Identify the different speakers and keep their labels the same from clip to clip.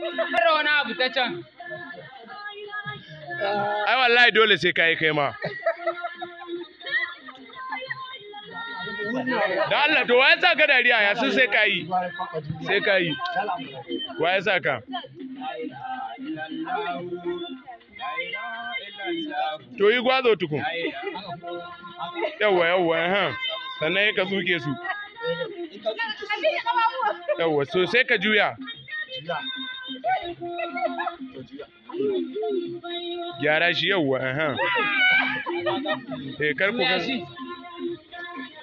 Speaker 1: wani abu Ai wallahi dole sai kai kai ma. Da Allah to waye saka dariya ya sun sai kai. Sai kai. Waye saka? to yi gwazo tukun yawwa yawwa ha eh, eh. sannan ka tsuke su yawwa so sai ka juya gyara shi yawwa ha eh, kar ku kan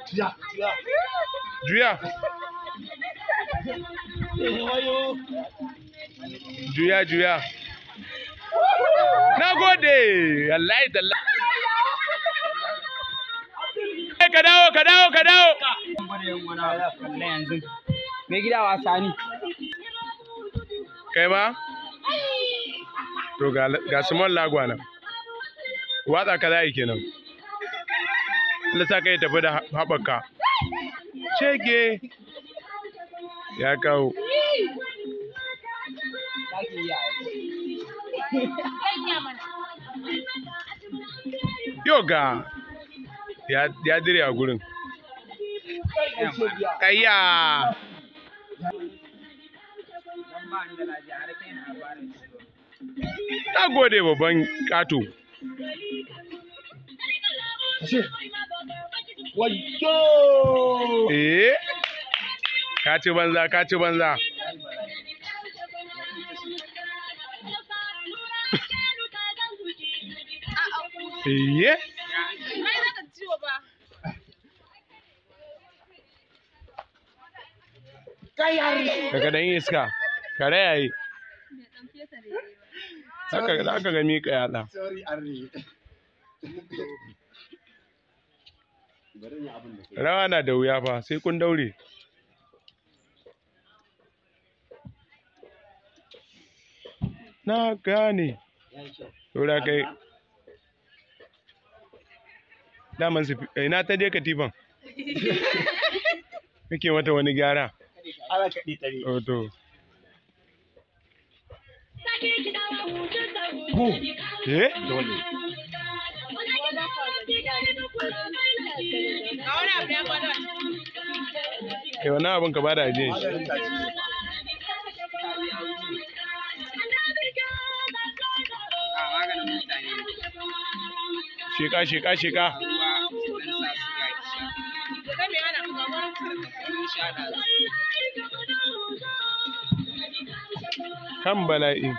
Speaker 1: juya juya juya juya Na gode, wallahi talla.
Speaker 2: Eh, ka dawo, ka dawo, ka dawo.
Speaker 1: Me gida wasa ni. Kai ma? To ga Simon Lagwa nan. Watsa ka dai kenan. Lissa kai tafi da haɓaka. Shege. Ya kawo. Thank you, yeah. Yoga ga ya dire a gurin. Kayya! Ta gode babban kato. Wajo! Eh, ka banza, kaci banza. Eh. Ka Daga ɗan iska, kare yayi. Za ka ga miƙa yaɗa. Rawa na da wuya fa sai kun daure. Na gane. Tura kai. daman su eh, ina ta je katifan kake mata wani gyara ala tare o ka ba da sheka sheka sheka Kan bala'i.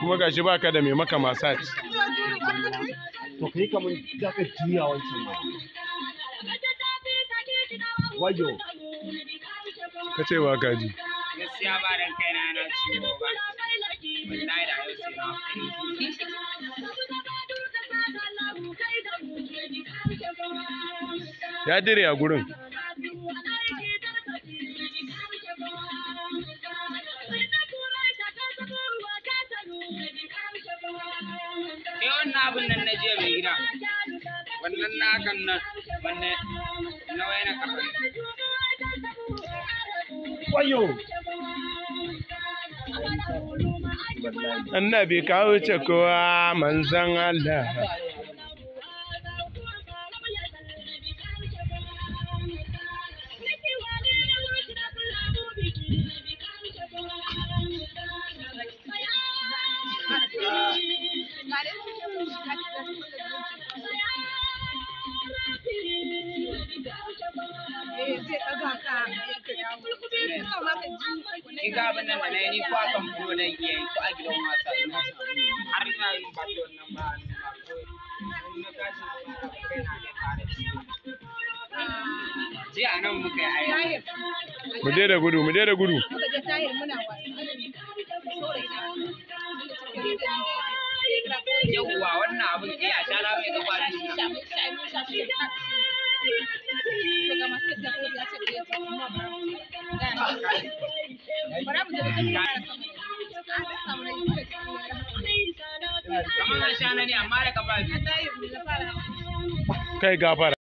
Speaker 1: Kuma ga shi baka da mai maka masaj. To kai kamar za ka juya wancan ba. wajo Ka ce ba ka ji. gaskiya ba na ciwo ba wallahi da ya dire a gurin sai eh, wannan abin nan na je mai gida wannan na nan wannan na wayan annabi ka ce kowa manzon Allah ni ga abin nan da na ni kuwa kan yi yayi ko a gidan wasa har ina yin ba na nan muka yi mu je da gudu mu je da gudu muka je muna wannan abin sai a shara mai gaba da shi kai gafara